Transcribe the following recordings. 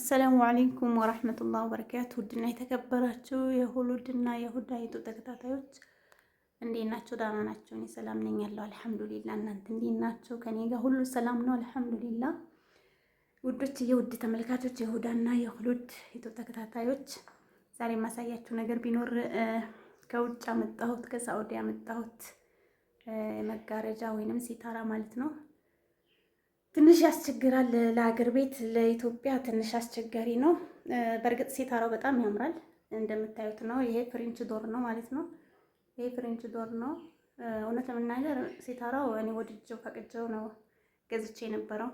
አሰላሙ አሌይኩም ወራህመቱላህ ወበረካቱ። ውድና የተከበራችሁ የሁሉድና የሁዳይቱ ተከታታዮች እንዴት ናቸው? ደህና ናቸው? እኔ ሰላም ነኝ ያለው አልሐምዱሊላ። እናንተ እንዴት ናቸው? ከኔ ጋር ሁሉ ሰላም ነው አልሐምዱሊላ። ውዶች፣ የውድ ተመልካቾች፣ የሁዳና የሁሉድ ኢትዮ ተከታታዮች ዛሬ የማሳያችሁ ነገር ቢኖር ከውጭ ያመጣሁት ከሳዑዲ ያመጣሁት መጋረጃ ወይንም ሲታራ ማለት ነው ትንሽ ያስቸግራል። ለሀገር ቤት ለኢትዮጵያ ትንሽ አስቸጋሪ ነው። በእርግጥ ሴታራው በጣም ያምራል እንደምታዩት ነው። ይሄ ፍሬንች ዶር ነው ማለት ነው። ይሄ ፍሬንች ዶር ነው። እውነት ለመናገር ሴታራው እኔ ወድጀው ፈቅጀው ነው ገዝቼ የነበረው።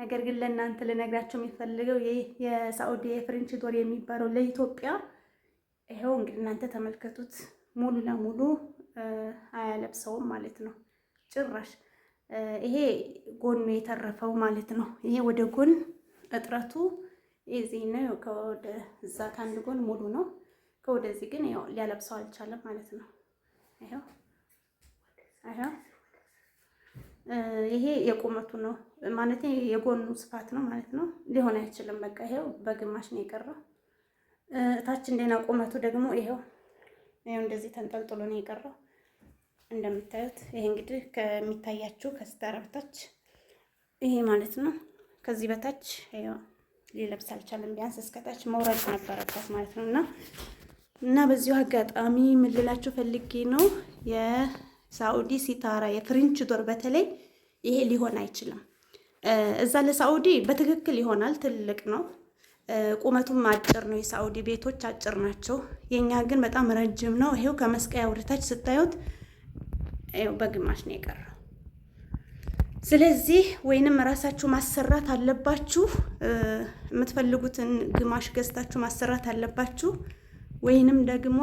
ነገር ግን ለእናንተ ልነግራቸው የሚፈልገው ይህ የሳዑዲ የፍሬንች ዶር የሚባለው ለኢትዮጵያ ይኸው እንግዲህ እናንተ ተመልከቱት። ሙሉ ለሙሉ አያለብሰውም ማለት ነው ጭራሽ ይሄ ጎኑ የተረፈው ማለት ነው። ይሄ ወደ ጎን እጥረቱ እዚህ ነው። ከወደ እዛ ከአንድ ጎን ሙሉ ነው። ከወደዚህ ግን ያው ሊያለብሰው አልቻለም ማለት ነው። ይሄው ይሄው ይሄ የቁመቱ ነው ማለት የጎኑ ስፋት ነው ማለት ነው። ሊሆን አይችልም። በቃ ይሄው በግማሽ ነው የቀረው። እታች እንደና ቁመቱ ደግሞ ይሄው ይሄው እንደዚህ ተንጠልጥሎ ነው የቀረው። እንደምታዩት ይሄ እንግዲህ ከሚታያችሁ ከስተራ በታች ይሄ ማለት ነው። ከዚህ በታች ሊለብስ አልቻለም። ቢያንስ እስከታች መውረድ ነበረበት ማለት ነው እና እና በዚሁ አጋጣሚ የምልላችሁ ፈልጌ ነው የሳኡዲ ሲታራ የፍሪንች ዶር በተለይ ይሄ ሊሆን አይችልም። እዛ ለሳኡዲ በትክክል ይሆናል፣ ትልቅ ነው። ቁመቱም አጭር ነው። የሳኡዲ ቤቶች አጭር ናቸው። የእኛ ግን በጣም ረጅም ነው። ይሄው ከመስቀያ ወደታች ስታዩት ይኸው በግማሽ ነው የቀረው። ስለዚህ ወይንም ራሳችሁ ማሰራት አለባችሁ፣ የምትፈልጉትን ግማሽ ገዝታችሁ ማሰራት አለባችሁ። ወይንም ደግሞ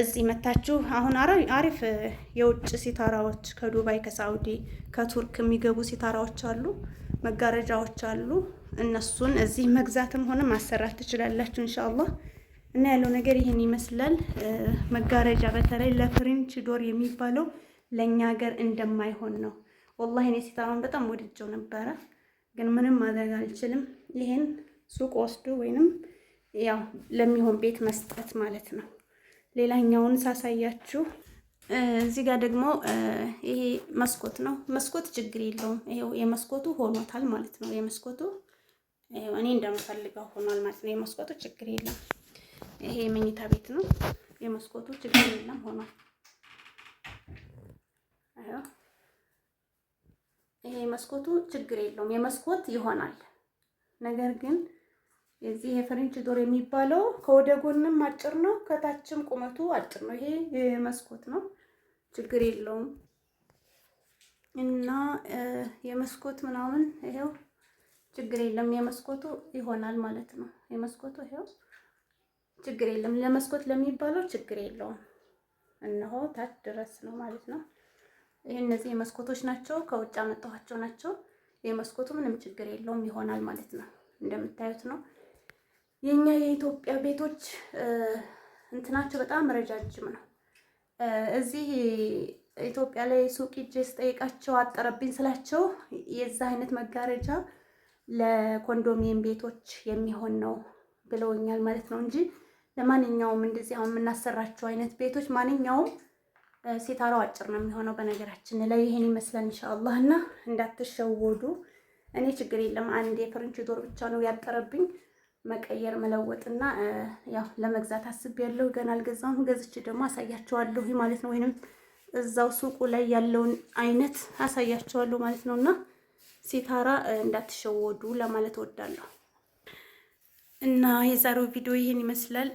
እዚህ መታችሁ አሁን አሪፍ የውጭ ሲታራዎች ከዱባይ፣ ከሳውዲ፣ ከቱርክ የሚገቡ ሲታራዎች አሉ፣ መጋረጃዎች አሉ። እነሱን እዚህ መግዛትም ሆነ ማሰራት ትችላላችሁ አላህ። እና ያለው ነገር ይህን ይመስላል። መጋረጃ በተለይ ለፍሬንች ዶር የሚባለው ለእኛ ሀገር እንደማይሆን ነው። ወላሂ እኔ ሲታማን በጣም ወድጀው ነበረ፣ ግን ምንም ማድረግ አልችልም። ይህን ሱቅ ወስዶ ወይንም ያው ለሚሆን ቤት መስጠት ማለት ነው። ሌላኛውን ሳሳያችሁ እዚህ ጋር ደግሞ ይሄ መስኮት ነው። መስኮት ችግር የለውም። ይሄው የመስኮቱ ሆኖታል ማለት ነው። የመስኮቱ እኔ እንደምፈልገው ሆኗል ማለት ነው። የመስኮቱ ችግር የለም። ይሄ የመኝታ ቤት ነው። የመስኮቱ ችግር የለም ሆኗል። ይሄ መስኮቱ ችግር የለውም የመስኮት ይሆናል። ነገር ግን የዚህ የፈረንች ዶር የሚባለው ከወደ ጎንም አጭር ነው፣ ከታችም ቁመቱ አጭር ነው። ይሄ የመስኮት ነው፣ ችግር የለውም እና የመስኮት ምናምን ይሄው ችግር የለም። የመስኮቱ ይሆናል ማለት ነው። የመስኮቱ ይሄው ችግር የለም። ለመስኮት ለሚባለው ችግር የለውም። እነሆ ታች ድረስ ነው ማለት ነው። ይህ እነዚህ የመስኮቶች ናቸው፣ ከውጭ አመጣኋቸው ናቸው። የመስኮቱ ምንም ችግር የለውም ይሆናል ማለት ነው። እንደምታዩት ነው። የኛ የኢትዮጵያ ቤቶች እንትናቸው በጣም ረጃጅም ነው። እዚህ ኢትዮጵያ ላይ ሱቅ ሂጄ ስጠይቃቸው አጠረብኝ ስላቸው የዛ አይነት መጋረጃ ለኮንዶሚየም ቤቶች የሚሆን ነው ብለውኛል ማለት ነው እንጂ ለማንኛውም እንደዚህ አሁን የምናሰራቸው አይነት ቤቶች ማንኛውም ሲታራው አጭር ነው የሚሆነው። በነገራችን ላይ ይሄን ይመስላል ኢንሻአላህ። እና እንዳትሸወዱ። እኔ ችግር የለም አንድ የፍርንች ዶር ብቻ ነው ያጠረብኝ መቀየር መለወጥና ያው ለመግዛት ያለው ገና አልገዛሁም። ገዝቼ ደግሞ አሳያቸዋለሁ ማለት ነው። ወይንም እዛው ሱቁ ላይ ያለውን አይነት አሳያቸዋለሁ ማለት ነውና ሲታራ እንዳትሸወዱ ለማለት እወዳለሁ። እና የዛሬው ቪዲዮ ይሄን ይመስላል።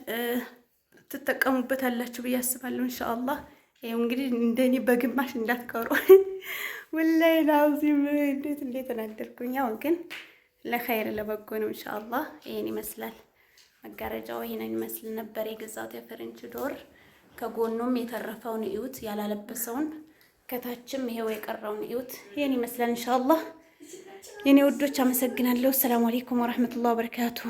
ትጠቀሙበት አላችሁ ብዬ አስባለሁ። ኢንሻአላህ ይኸው እንግዲህ እንደኔ በግማሽ እንዳትቀሩ። ወላሂ ላዚም እንዴት እንዴት ተናደርኩኝ። ያው ግን ለኸይር ለበጎ ነው። እንሻአላ ይሄን ይመስላል። መጋረጃው ይሄንን ይመስል ነበር የገዛሁት የፈረንች ዶር። ከጎኑም የተረፈውን እዩት፣ ያላለበሰውን ከታችም ይሄው የቀረውን እዩት። ይሄን ይመስላል እንሻአላ የኔ ውዶች አመሰግናለሁ። ሰላም አለይኩም ወራህመቱላሂ ወበረካቱሁ።